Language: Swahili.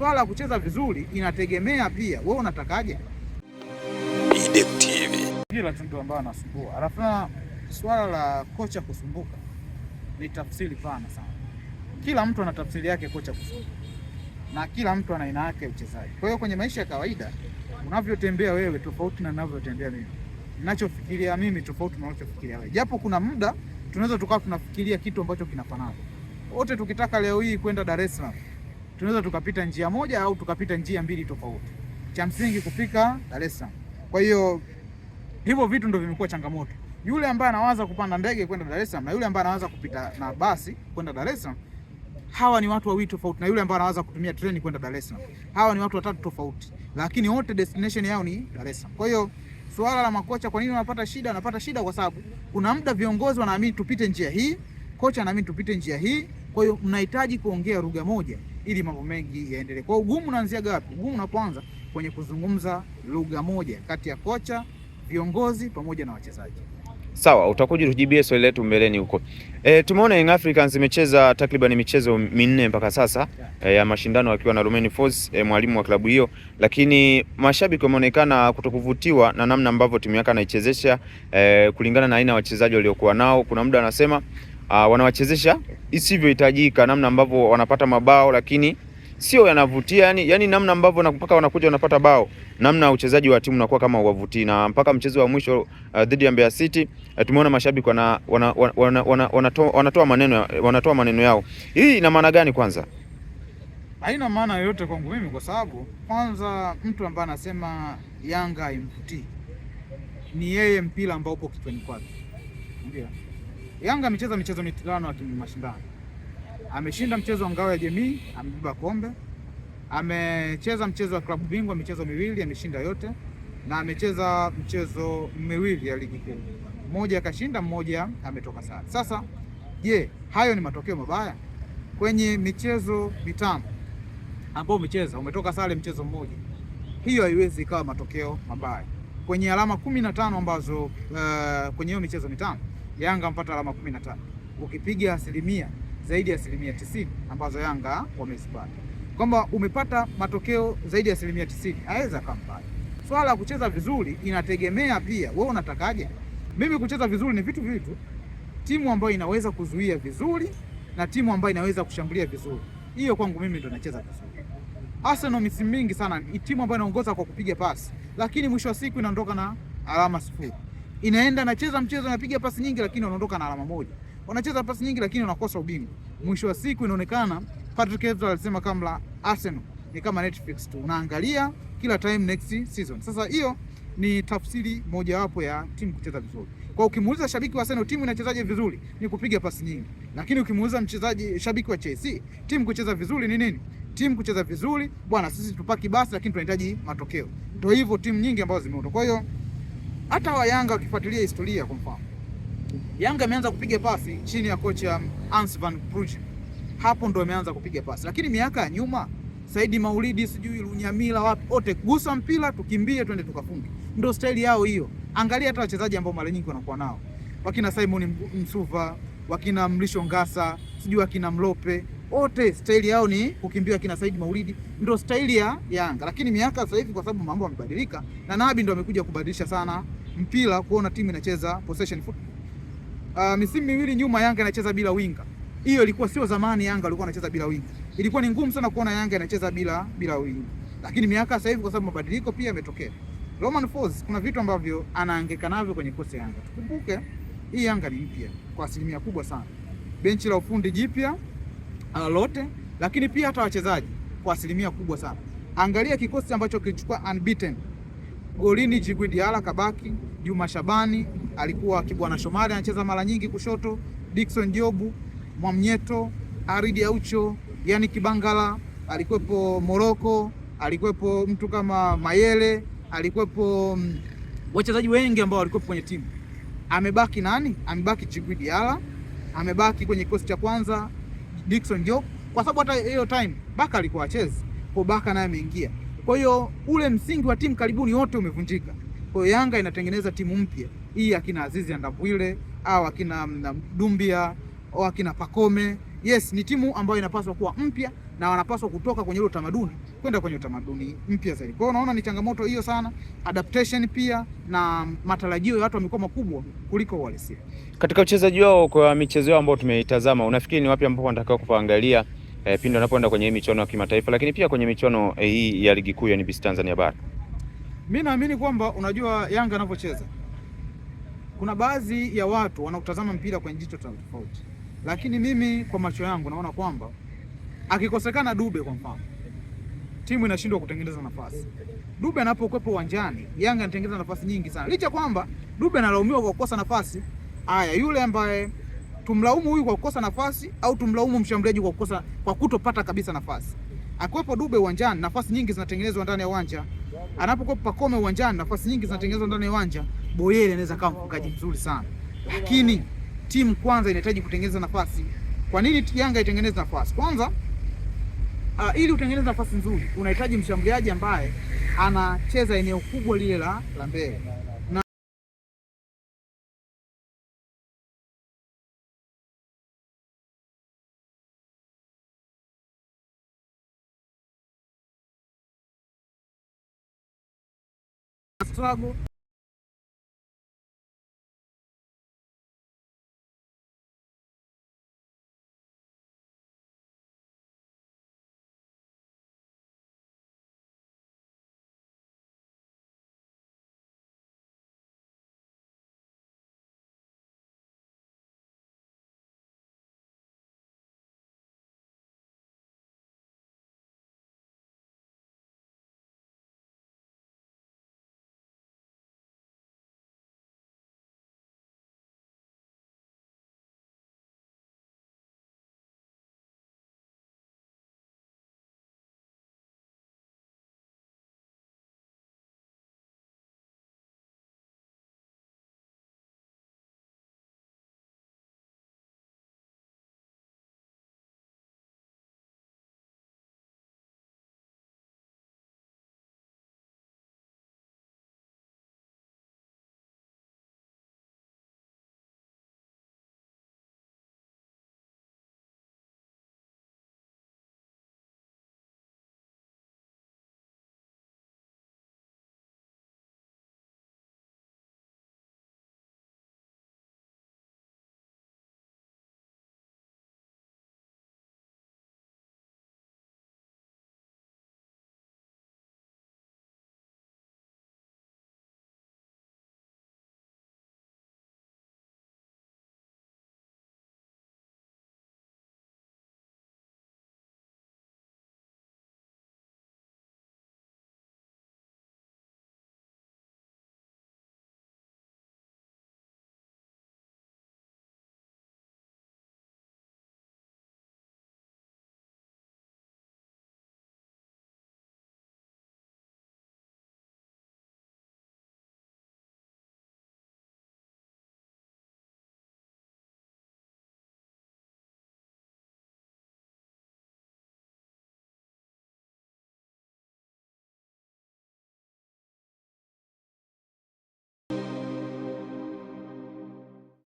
swala ya kucheza vizuri inategemea pia wewe unatakaje. Kila mtu ambaye anasumbua, alafu swala la kocha kusumbuka ni tafsiri pana sana. Kila mtu ana tafsiri yake kocha kusumbuka, na kila mtu ana aina yake uchezaji. Kwa hiyo kwenye maisha ya kawaida unavyotembea wewe tofauti na ninavyotembea mimi, ninachofikiria mimi tofauti na unachofikiria wewe, japo kuna muda tunaweza tukawa tunafikiria kitu ambacho kinafanana wote. Tukitaka leo hii kwenda Dar es Salaam tunaweza tukapita njia moja au tukapita njia mbili tofauti, cha msingi kufika Dar es Salaam. Kwa hiyo hivyo vitu ndio vimekuwa changamoto, yule ambaye anawaza kupanda ndege kwenda Dar es Salaam na yule ambaye anawaza kupita na basi kwenda Dar es Salaam, hawa ni watu wawili tofauti, na yule ambaye anawaza kutumia treni kwenda Dar es Salaam, hawa ni watu watatu tofauti, lakini wote destination yao ni Dar es Salaam. Kwa hiyo suala la makocha, kwa nini wanapata shida? Wanapata shida kwa sababu kuna muda viongozi wanaamini tupite njia hii, kocha anaamini tupite njia hii. Kwa hiyo mnahitaji kuongea lugha moja ili mambo mengi yaendelee. Kwa ugumu unaanzia gapi? Ugumu unapoanza kwenye kuzungumza lugha moja kati ya kocha, viongozi pamoja na wachezaji. Sawa, utakuja kujibia swali letu mbeleni huko. E, tumeona Young Africans imecheza takriban michezo minne mpaka sasa eh, ya yeah, e, mashindano akiwa na Romain Folz e, mwalimu wa klabu hiyo, lakini mashabiki wameonekana kutokuvutiwa na namna ambavyo timu yake anaichezesha e, kulingana na aina ya wachezaji waliokuwa nao. Kuna muda anasema uh, wanawachezesha isivyohitajika, namna ambavyo wanapata mabao lakini sio yanavutia, yani yani namna ambavyo na mpaka wanakuja wanapata bao, namna uchezaji wa timu unakuwa kama uwavutii, na mpaka mchezo wa mwisho uh, dhidi ya Mbeya City uh, tumeona mashabiki wana, wana, wana, wana, wana, wanatoa, wanatoa maneno wanatoa maneno yao. Hii ina maana gani? Kwanza haina maana yoyote kwangu mimi, kwa sababu kwanza mtu ambaye anasema Yanga haimvutii ni yeye mpira ambao upo kichwani kwake, ndio Yanga amecheza michezo mitano ya kimashindano, ameshinda mchezo wa ngao ya jamii, amebeba kombe, amecheza mchezo wa klabu bingwa michezo miwili, ameshinda yote, na amecheza mchezo miwili ya ligi kuu, mmoja akashinda, mmoja ametoka sare. Sasa je, hayo ni matokeo mabaya? Kwenye michezo mitano ambao umecheza umetoka sare mchezo mmoja, hiyo haiwezi ikawa matokeo mabaya kwenye alama kumi na tano ambazo uh, kwenye hiyo michezo mitano Yanga mpata alama 15 ukipiga asilimia zaidi ya asilimia tisini ambazo Yanga wamezipata, kwamba umepata matokeo zaidi ya asilimia tisini aweza kampani. Swala ya kucheza vizuri inategemea pia wewe unatakaje. Mimi kucheza vizuri ni vitu vitu, timu ambayo inaweza kuzuia vizuri na timu ambayo inaweza kushambulia vizuri, hiyo kwangu mimi ndo nacheza vizuri. Arsenal misimu mingi sana ni timu ambayo inaongoza kwa kupiga pasi, lakini mwisho wa siku inaondoka na alama sifuri inaenda anacheza mchezo anapiga pasi nyingi, lakini anaondoka na alama moja. Wanacheza pasi nyingi, lakini wanakosa ubingwa. Mwisho wa siku inaonekana Patrick Evra alisema kama Arsenal ni kama Netflix tu, unaangalia kila time next season. Sasa hiyo ni tafsiri mojawapo ya timu kucheza vizuri. Kwa ukimuuliza shabiki wa Arsenal timu inachezaje vizuri, ni kupiga pasi nyingi. Lakini ukimuuliza mchezaji shabiki wa Chelsea timu kucheza vizuri ni nini? Timu kucheza vizuri bwana, sisi tupaki basi, lakini tunahitaji matokeo. Ndio hivyo timu nyingi ambazo zimeondoka. Kwa hiyo hata wa Yanga ukifuatilia historia, kwa mfano Yanga imeanza kupiga pasi chini ya kocha Hans van Prugen, hapo ndo imeanza kupiga pasi, lakini miaka ya nyuma Saidi Maulidi sijui Lunyamila wapi wote, gusa mpira tukimbie, twende tukafunge, ndio staili yao hiyo. Angalia hata wachezaji ambao mara nyingi wanakuwa nao wakina Simon Msuva, wakina Mlisho Ngasa, sijui wakina Mlope, wote staili yao ni kukimbia. kina Saidi Maulidi ndio staili ya Yanga, lakini miaka sasa hivi kwa sababu mambo yamebadilika, na Nabi ndo amekuja kubadilisha sana mpira kuona timu inacheza possession football. Uh, misimu miwili nyuma Yanga inacheza bila winga. Hiyo ilikuwa sio zamani Yanga alikuwa anacheza bila winga. Ilikuwa ni ngumu sana kuona Yanga inacheza bila bila winga. Lakini miaka sasa hivi kwa sababu mabadiliko pia yametokea. Roman Falls kuna vitu ambavyo anaangeka navyo kwenye kosi Yanga. Tukumbuke hii Yanga ni mpya kwa asilimia kubwa sana. Benchi la ufundi jipya uh, lote, lakini pia hata wachezaji kwa asilimia kubwa sana. Angalia kikosi ambacho kilichukua unbeaten Golini Jigwi Diala kabaki, Juma Shabani alikuwa Kibwana Shomari anacheza mara nyingi kushoto, Dickson Jobu, Mwamnyeto, Aridi Aucho, yani Kibangala alikuwepo, Moroko alikuwepo, mtu kama Mayele alikuwepo, mm, wachezaji wengi ambao walikuwepo kwenye timu. Amebaki nani? Amebaki Jigwi Diala, amebaki kwenye kikosi cha kwanza Dickson Jobu, kwa sababu hata hiyo time Baka alikuwa achezi, kwa Baka naye ameingia kwa hiyo ule msingi wa timu karibuni wote umevunjika. Kwa hiyo Yanga inatengeneza timu mpya hii, akina Azizi Andabwile au akina mm, Dumbia au akina Pakome. Yes, ni timu ambayo inapaswa kuwa mpya na wanapaswa kutoka kwenye ule utamaduni kwenda kwenye utamaduni mpya zaidi. Kwa hiyo unaona ni changamoto hiyo sana, adaptation pia na matarajio ya watu wamekuwa makubwa kuliko uhalisia. Katika uchezaji wao kwa michezo yao ambayo tumeitazama, unafikiri ni wapi ambapo wanatakiwa kupangalia e, pindi wanapoenda kwenye hii michuano ya kimataifa, lakini pia kwenye michuano e, eh, hii ya ligi kuu ya NBC Tanzania Bara. Mimi naamini kwamba unajua Yanga anapocheza kuna baadhi ya watu wanaotazama mpira kwenye jicho tofauti, lakini mimi kwa macho yangu naona kwamba akikosekana Dube kwa mfano, timu inashindwa kutengeneza nafasi. Dube anapokuwepo uwanjani, Yanga anatengeneza nafasi nyingi sana, licha kwamba Dube analaumiwa kwa kukosa nafasi. Haya, yule ambaye tumlaumu huyu kwa kukosa nafasi au tumlaumu mshambuliaji kwa kukosa kwa kutopata kabisa nafasi? Akiwepo Dube uwanjani, nafasi nyingi zinatengenezwa ndani ya uwanja. Anapokuwa Pakome uwanjani, nafasi nyingi zinatengenezwa ndani ya uwanja. Boyele anaweza kama mfungaji mzuri sana, lakini timu kwanza inahitaji kutengeneza nafasi. Kwa nini Yanga itengeneze nafasi kwanza? Uh, ili utengeneze nafasi nzuri unahitaji mshambuliaji ambaye anacheza eneo kubwa lile la la mbele. Volkswagen